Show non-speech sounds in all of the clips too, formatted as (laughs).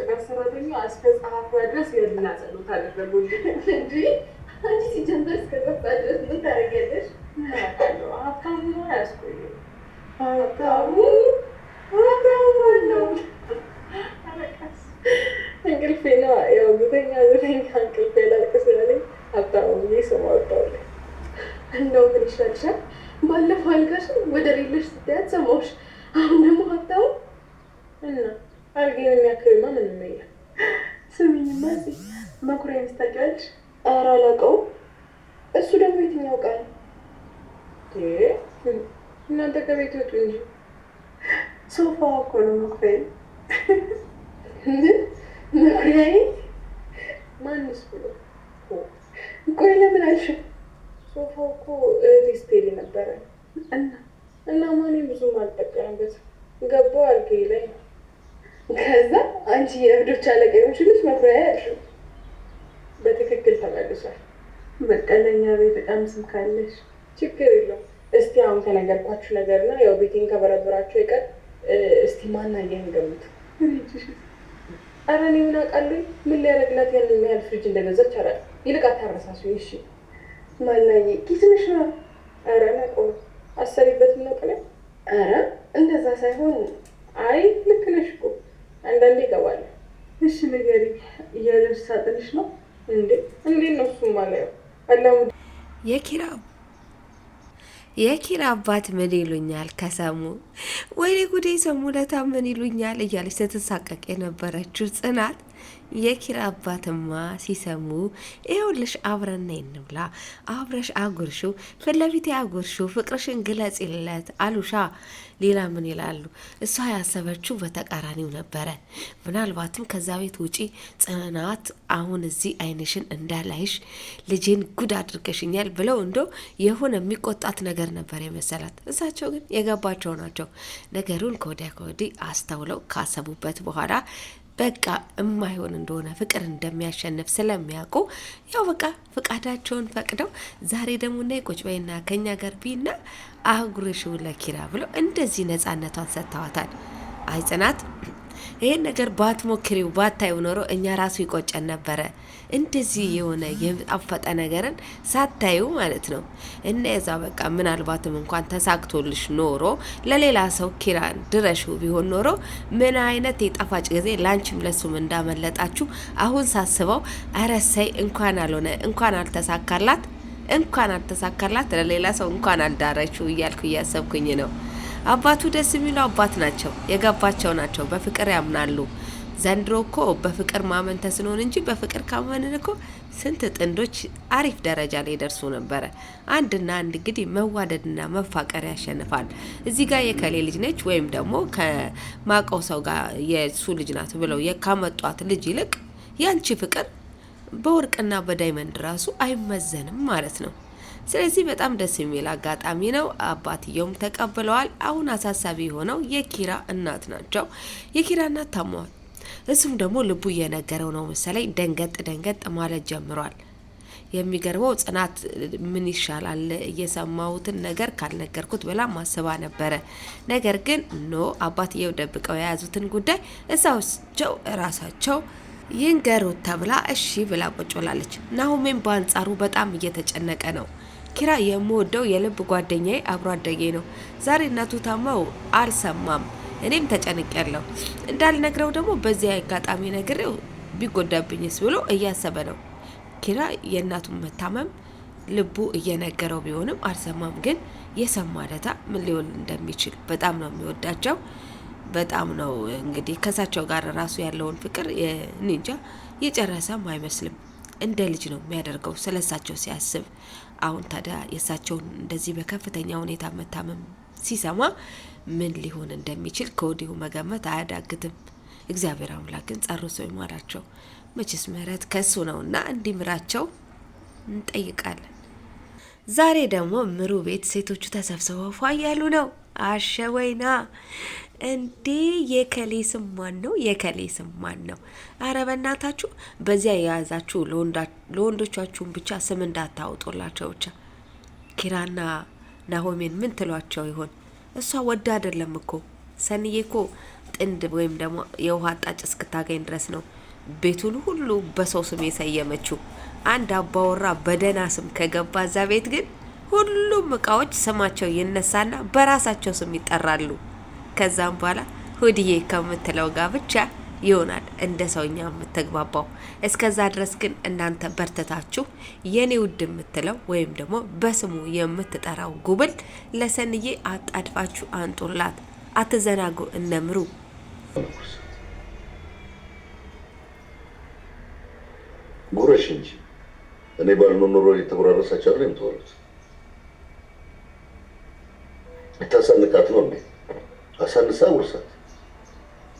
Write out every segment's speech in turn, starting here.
ጽዳት ሰራተኛ እስከ ጸሐፊ ድረስ የድና ጸሎት አደረጉልኝ እንጂ አንቺ ሲጀምር እስከ ገባ ድረስ ምን ታደርጊያለሽ? ሀብታሙ ያስቆዩ ሀብታሙ ሀብታሙ ነው። እንቅልፌ ነው ያው ጉተኛ ጉተኛ እንቅልፌ ላልቅ ስላለኝ ሀብታሙ ብዬ ስም አወጣሁልኝ። እንደው ምን ይሻልሻል? ባለፈው አልጋሽ ወደ ሌለሽ ስታያት ሰማሁሽ። አሁን ደግሞ ሀብታሙ እና አልጌን የሚያክልማ ምንም የለም። ስሚኝማ እዚህ መኩሪያ ምስታቂያች ኧረ አላውቀውም። እሱ ደግሞ የትኛው ቃል እናንተ ከቤት ወጡ እንጂ ሶፋ እኮ ነው መኩሪያ መኩሪያዬ አንቺ የእብዶች አለቃ የምችሉት መኩሪያ ያለው በትክክል ተመልሷል። መቀለኛ ቤት ዕቃም ስም ካለሽ ችግር የለው። እስቲ አሁን ከነገርኳችሁ ነገር ነው ያው ቤቴን ከበረበራችሁ ይቀር። እስቲ ማና እያን ገምቱ። ኧረ እኔ ምን አውቃለሁ ምን ሊያደርግላት ያን ያህል ፍሪጅ እንደገዛች። አረ ይልቅ አታረሳሱ። እሺ ማናየ ጊዜሽ ነው። አረ ነቆ አሰሪበት ነው አረ እንደዛ ሳይሆን አይ ልክ ነሽ እኮ አንዳንዴ ይገባል። እሺ ነገሪ፣ የልብስ ሳጥንሽ ነው እንዴ? እንዴት ነው እሱማ? ነው አላሙ የኪራ የኪራ አባት ምን ይሉኛል ከሰሙ፣ ወይኔ ጉዴ ሰሙ ለታ ምን ይሉኛል እያለች ስትሳቀቅ የነበረችው ጽናት የኪራ አባትማ ሲሰሙ ይኸውልሽ አብረና ይንብላ፣ አብረሽ አጉርሹ ፊትለፊት አጉርሹ ፍቅርሽን ግለጽለት አሉሻ። ሌላ ምን ይላሉ? እሷ ያሰበችው በተቃራኒው ነበረ። ምናልባትም ከዛ ቤት ውጪ ጽናት፣ አሁን እዚህ አይንሽን እንዳላይሽ ልጄን ጉድ አድርገሽኛል ብለው እንዶ የሆነ የሚቆጣት ነገር ነበር የመሰላት። እሳቸው ግን የገባቸው ናቸው። ነገሩን ከወዲያ ከወዲህ አስተውለው ካሰቡበት በኋላ በቃ እማይሆን እንደሆነ ፍቅር እንደሚያሸንፍ ስለሚያውቁ ያው በቃ ፍቃዳቸውን ፈቅደው ዛሬ ደግሞ ና ቁጭ በይና ከኛ ጋር ቢና አህጉርሽው ለኪራ ብሎ እንደዚህ ነጻነቷን ሰጥተዋታል። አይ ጽናት ይሄን ነገር ባትሞክሪው ባታዩ ኖሮ እኛ ራሱ ይቆጨን ነበረ። እንደዚህ የሆነ የጣፈጠ ነገርን ሳታዩ ማለት ነው። እና የዛ በቃ ምናልባትም እንኳን ተሳክቶልሽ ኖሮ ለሌላ ሰው ኪራን ድረሽው ቢሆን ኖሮ ምን አይነት የጣፋጭ ጊዜ ላንቺም ለሱም እንዳመለጣችሁ አሁን ሳስበው አረሰይ እንኳን አልሆነ እንኳን አልተሳካላት እንኳን አልተሳካላት ለሌላ ሰው እንኳን አልዳረችው እያልኩ እያሰብኩኝ ነው። አባቱ ደስ የሚሉ አባት ናቸው፣ የገባቸው ናቸው፣ በፍቅር ያምናሉ። ዘንድሮ እኮ በፍቅር ማመን ተስኖን እንጂ በፍቅር ካመንን እኮ ስንት ጥንዶች አሪፍ ደረጃ ላይ ደርሱ ነበረ። አንድና አንድ እንግዲህ መዋደድና መፋቀር ያሸንፋል። እዚህ ጋር የከሌ ልጅ ነች ወይም ደግሞ ከማቀው ሰው ጋር የሱ ልጅ ናት ብለው ካመጧት ልጅ ይልቅ ያንቺ ፍቅር በወርቅና በዳይመንድ ራሱ አይመዘንም ማለት ነው። ስለዚህ በጣም ደስ የሚል አጋጣሚ ነው። አባትየውም ተቀብለዋል። አሁን አሳሳቢ የሆነው የኪራ እናት ናቸው። የኪራ እናት ታሟል። እሱም ደግሞ ልቡ እየነገረው ነው መሰለኝ። ደንገጥ ደንገጥ ማለት ጀምሯል። የሚገርመው ጽናት ምን ይሻላል እየሰማሁትን ነገር ካልነገርኩት ብላ ማስባ ነበረ። ነገር ግን ኖ አባትየው ደብቀው የያዙትን ጉዳይ እሳቸው እራሳቸው ይንገሩት ተብላ እሺ ብላ ቆጭላለች። ናሁሜም በአንጻሩ በጣም እየተጨነቀ ነው። ኪራ የምወደው የልብ ጓደኛዬ አብሮ አደጌ ነው። ዛሬ እናቱ ታማው አልሰማም። እኔም ተጨንቅ ያለው እንዳልነግረው ደግሞ በዚህ አጋጣሚ ነግሬው ቢጎዳብኝስ ብሎ እያሰበ ነው። ኪራ የእናቱን መታመም ልቡ እየነገረው ቢሆንም አልሰማም። ግን የሰማ ለታ ምን ሊሆን እንደሚችል በጣም ነው የሚወዳቸው። በጣም ነው እንግዲህ ከሳቸው ጋር ራሱ ያለውን ፍቅር እንጃ የጨረሰም አይመስልም። እንደ ልጅ ነው የሚያደርገው ስለሳቸው ሲያስብ አሁን ታዲያ የእሳቸውን እንደዚህ በከፍተኛ ሁኔታ መታመም ሲሰማ ምን ሊሆን እንደሚችል ከወዲሁ መገመት አያዳግትም። እግዚአብሔር አምላክ ግን ጸርሶ ይማራቸው። መቼስ ምሕረት ከሱ ነውና እንዲምራቸው እንጠይቃለን። ዛሬ ደግሞ ምሩ ቤት ሴቶቹ ተሰብስበው ፏ እያሉ ነው። አሸወይና እንዴ የከሌ ስም ማን ነው? የከሌ ስም ማን ነው? አረ በእናታችሁ በዚያ የያዛችሁ ለወንዶቻችሁን ብቻ ስም እንዳታወጡላቸው። ብቻ ኪራና ናሆሜን ምን ትሏቸው ይሆን? እሷ ወዳ አይደለም እኮ ሰንዬ እኮ ጥንድ ወይም ደግሞ የውሃ አጣጭ እስክታገኝ ድረስ ነው ቤቱን ሁሉ በሰው ስም የሰየመችው። አንድ አባወራ በደህና ስም ከገባ እዛ ቤት ግን ሁሉም እቃዎች ስማቸው ይነሳና በራሳቸው ስም ይጠራሉ። ከዛም በኋላ ሁድዬ ከምትለው ጋር ብቻ ይሆናል እንደ ሰውኛ የምትግባባው። እስከዛ ድረስ ግን እናንተ በርተታችሁ የኔ ውድ የምትለው ወይም ደግሞ በስሙ የምትጠራው ጉብል ለሰንዬ አጣድፋችሁ አንጡላት። አትዘናጉ እነምሩ። ጉረሽ እንጂ እኔ ባልኖ ኖሮ የተጎራረሳቸው ልታሳንቃት ነው እንዴ? አሳንሳ ውርሳት።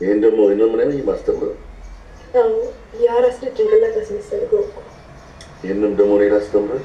ይህን ደግሞ ይህንን ምን ይህ ማስተምር የአራስ ልጅ ጭንቅላት ያስመሰልገው። ይህንም ደግሞ እኔን አስተምረን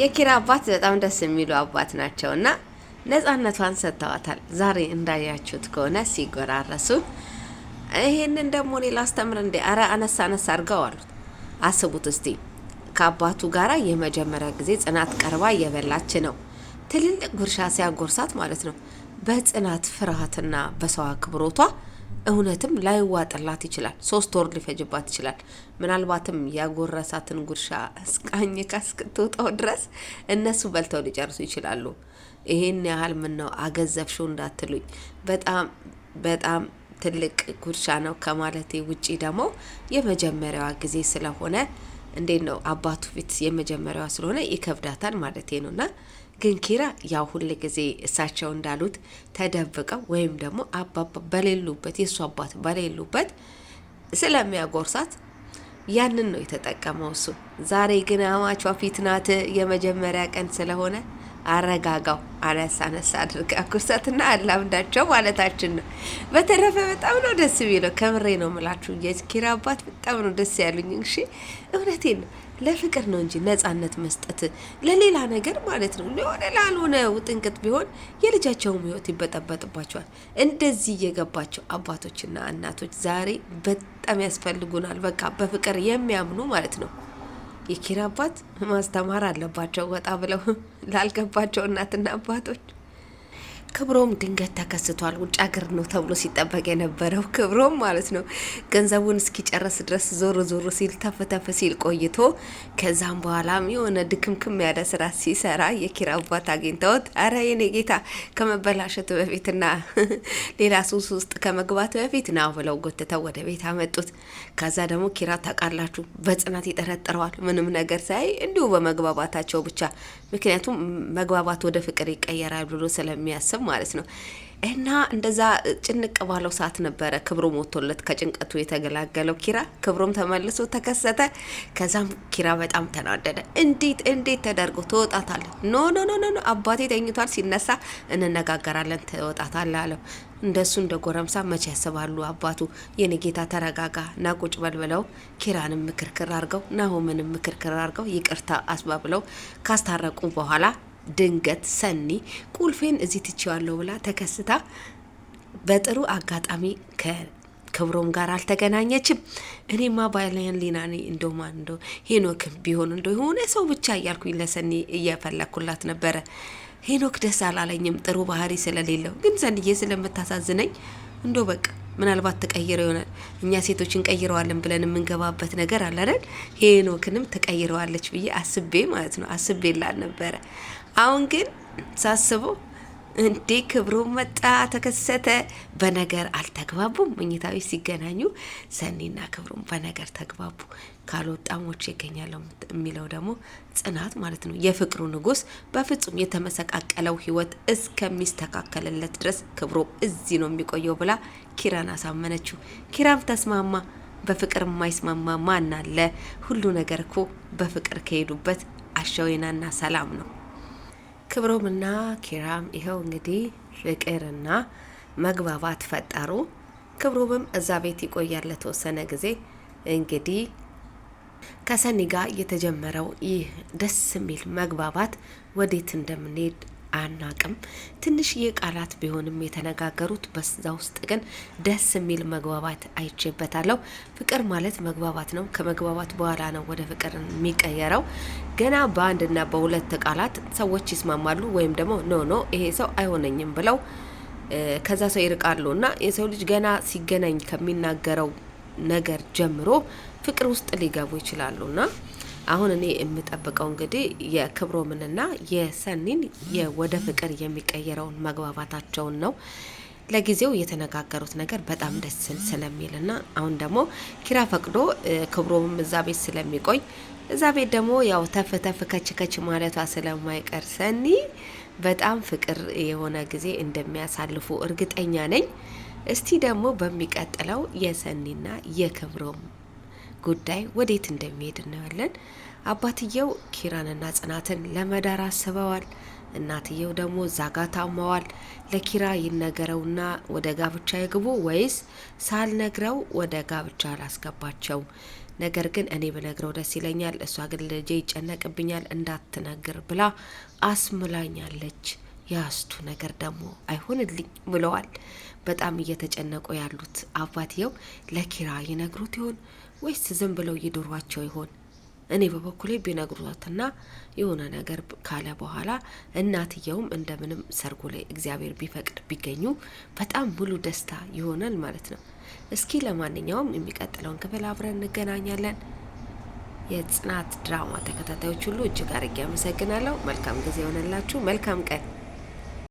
የኪራ አባት በጣም ደስ የሚሉ አባት ናቸው እና ነፃነቷን ሰጥተዋታል። ዛሬ እንዳያችሁት ከሆነ ሲጎራረሱ፣ ይሄንን ደግሞ እኔ ላስተምር እንዴ! አረ አነሳ አነሳ አድርገው አሉት። አስቡት እስቲ ከአባቱ ጋር የመጀመሪያ ጊዜ ጽናት ቀርባ እየበላች ነው። ትልልቅ ጉርሻ ሲያጎርሳት ማለት ነው። በጽናት ፍርሃትና በሰው አክብሮቷ እውነትም ላይዋጥላት ይችላል። ሶስት ወር ሊፈጅባት ይችላል። ምናልባትም ያጎረሳትን ጉርሻ እስቃኝ እስክትውጠው ድረስ እነሱ በልተው ሊጨርሱ ይችላሉ። ይሄን ያህል ምን ነው አገዘፍሽው እንዳትሉኝ፣ በጣም በጣም ትልቅ ጉርሻ ነው ከማለቴ ውጪ ደግሞ የመጀመሪያዋ ጊዜ ስለሆነ እንዴት ነው አባቱ ፊት የመጀመሪያዋ ስለሆነ ይከብዳታል ማለቴ ነውና ግን ኪራ ያው ሁል ጊዜ እሳቸው እንዳሉት ተደብቀው ወይም ደግሞ አባባ በሌሉበት የእሱ አባት በሌሉበት ስለሚያጎርሳት ያንን ነው የተጠቀመው እሱ። ዛሬ ግን አማቿ ፊት ናት። የመጀመሪያ ቀን ስለሆነ አረጋጋው አነስ አነስ አድርጋ ኩርሰትና አላምዳቸው ማለታችን ነው። በተረፈ በጣም ነው ደስ የሚለው። ከምሬ ነው ምላችሁ። የኪራ አባት በጣም ነው ደስ ያሉኝ። እሺ እውነቴን ነው። ለፍቅር ነው እንጂ ነጻነት መስጠት ለሌላ ነገር ማለት ነው ለሆነ ላልሆነ ውጥንቅጥ ቢሆን የልጃቸውም ሕይወት ይበጠበጥባቸዋል። እንደዚህ የገባቸው አባቶችና እናቶች ዛሬ በጣም ያስፈልጉናል። በቃ በፍቅር የሚያምኑ ማለት ነው። የኪራ አባት ማስተማር አለባቸው ወጣ ብለው ላልገባቸው እናትና አባቶች ክብሮም ድንገት ተከስቷል። ውጭ ሀገር ነው ተብሎ ሲጠበቅ የነበረው ክብሮም ማለት ነው። ገንዘቡን እስኪጨረስ ድረስ ዞር ዞር ሲል ተፈተፈ ሲል ቆይቶ ከዛም በኋላም የሆነ ድክምክም ያለ ስራ ሲሰራ የኪራ አባት አግኝተውት አረ የኔ ጌታ ከመበላሸት በፊትና (laughs) ሌላ ሱስ ውስጥ ከመግባት በፊት ና ብለው ጎትተው ወደ ቤት አመጡት። ከዛ ደግሞ ኪራ ታውቃላችሁ በጽናት ይጠረጥረዋል። ምንም ነገር ሳይ እንዲሁ በመግባባታቸው ብቻ ምክንያቱም መግባባት ወደ ፍቅር ይቀየራል ብሎ ስለሚያስብ ማለት ነው። እና እንደዛ ጭንቅ ባለው ሰዓት ነበረ ክብሮ ሞቶለት ከጭንቀቱ የተገላገለው ኪራ። ክብሮም ተመልሶ ተከሰተ። ከዛም ኪራ በጣም ተናደደ። እንዴት እንዴት ተደርጎ ትወጣታለህ? ኖ ኖ ኖ ኖ አባቴ ተኝቷል፣ ሲነሳ እንነጋገራለን፣ ትወጣታለህ አለው። እንደሱ እንደ ጎረምሳ መቼ ያስባሉ አባቱ። የኔ ጌታ ተረጋጋ፣ ና ቁጭ በል ብለው ኪራንም ምክርክር አርገው ናሆምንም ምክርክር አርገው ይቅርታ አስባብለው ካስታረቁ በኋላ ድንገት ሰኒ ቁልፌን እዚህ ትቼዋለሁ ብላ ተከስታ በጥሩ አጋጣሚ ከክብሮም ጋር አልተገናኘችም። እኔማ ባለን ሊና ነኝ እንደ ማን እንደው ሄኖክም ቢሆን እንደ የሆነ ሰው ብቻ እያልኩኝ ለሰኒ እየፈለግኩላት ነበረ። ሄኖክ ደስ አላለኝም ጥሩ ባህሪ ስለሌለው። ግን ሰኒዬ ስለምታሳዝነኝ እንዶ በቃ ምናልባት ተቀይረ ይሆናል። እኛ ሴቶች እንቀይረዋለን ብለን የምንገባበት ነገር አለ አይደል? ሄኖክንም ተቀይረዋለች ብዬ አስቤ ማለት ነው አስቤ ላል ነበረ። አሁን ግን ሳስበው እንዴ ክብሩ መጣ ተከሰተ። በነገር አልተግባቡም። መኝታዊ ሲገናኙ ሰኔና ክብሩም በነገር ተግባቡ። ካልወጣ ሞቼ ይገኛለሁ የሚለው ደግሞ ጽናት ማለት ነው። የፍቅሩ ንጉስ በፍጹም የተመሰቃቀለው ህይወት እስከሚስተካከልለት ድረስ ክብሮ እዚህ ነው የሚቆየው ብላ ኪራን አሳመነችው። ኪራም ተስማማ። በፍቅር የማይስማማ ማን አለ? ሁሉ ነገር እኮ በፍቅር ከሄዱበት አሸወናና ሰላም ነው። ክብሮምና ኪራም ይኸው እንግዲህ ፍቅርና መግባባት ፈጠሩ። ክብሮምም እዛ ቤት ይቆያል ለተወሰነ ጊዜ እንግዲህ ከሰኒ ጋር የተጀመረው ይህ ደስ የሚል መግባባት ወዴት እንደምንሄድ አናቅም። ትንሽ የቃላት ቢሆንም የተነጋገሩት በዛ ውስጥ ግን ደስ የሚል መግባባት አይቼበታለሁ። ፍቅር ማለት መግባባት ነው። ከመግባባት በኋላ ነው ወደ ፍቅር የሚቀየረው። ገና በአንድና በሁለት ቃላት ሰዎች ይስማማሉ ወይም ደግሞ ኖ ኖ ይሄ ሰው አይሆነኝም ብለው ከዛ ሰው ይርቃሉ እና የሰው ልጅ ገና ሲገናኝ ከሚናገረው ነገር ጀምሮ ፍቅር ውስጥ ሊገቡ ይችላሉና አሁን እኔ የምጠብቀው እንግዲህ የክብሮምንና የሰኒን ወደ ፍቅር የሚቀየረውን መግባባታቸውን ነው። ለጊዜው የተነጋገሩት ነገር በጣም ደስ ስለሚል ና አሁን ደግሞ ኪራ ፈቅዶ ክብሮም እዛ ቤት ስለሚቆይ እዛ ቤት ደግሞ ያው ተፍ ተፍ ከች ከች ማለቷ ስለማይቀር ሰኒ በጣም ፍቅር የሆነ ጊዜ እንደሚያሳልፉ እርግጠኛ ነኝ። እስቲ ደግሞ በሚቀጥለው የሰኒና የክብሮም ጉዳይ ወዴት እንደሚሄድ እናያለን። አባትየው ኪራንና ጽናትን ለመዳር አስበዋል። እናትየው ደግሞ ዛጋ ታመዋል። ለኪራ ይነገረውና ወደ ጋብቻ ይግቡ ወይስ ሳልነግረው ወደ ጋብቻ አላስገባቸው? ነገር ግን እኔ ብነግረው ደስ ይለኛል፣ እሷ ግን ልጄ ይጨነቅብኛል፣ እንዳትነግር ብላ አስምላኛለች። የአስቱ ነገር ደግሞ አይሆንልኝ ብለዋል። በጣም እየተጨነቁ ያሉት አባትየው ለኪራ ይነግሩት ይሆን ወይስ ዝም ብለው ይድሯቸው ይሆን? እኔ በበኩሌ ቢነግሯትና የሆነ ነገር ካለ በኋላ እናትየውም እንደምንም ሰርጉ ላይ እግዚአብሔር ቢፈቅድ ቢገኙ በጣም ሙሉ ደስታ ይሆናል ማለት ነው። እስኪ ለማንኛውም የሚቀጥለውን ክፍል አብረን እንገናኛለን። የጽናት ድራማ ተከታታዮች ሁሉ እጅግ አድርጌ አመሰግናለሁ። መልካም ጊዜ የሆነላችሁ፣ መልካም ቀን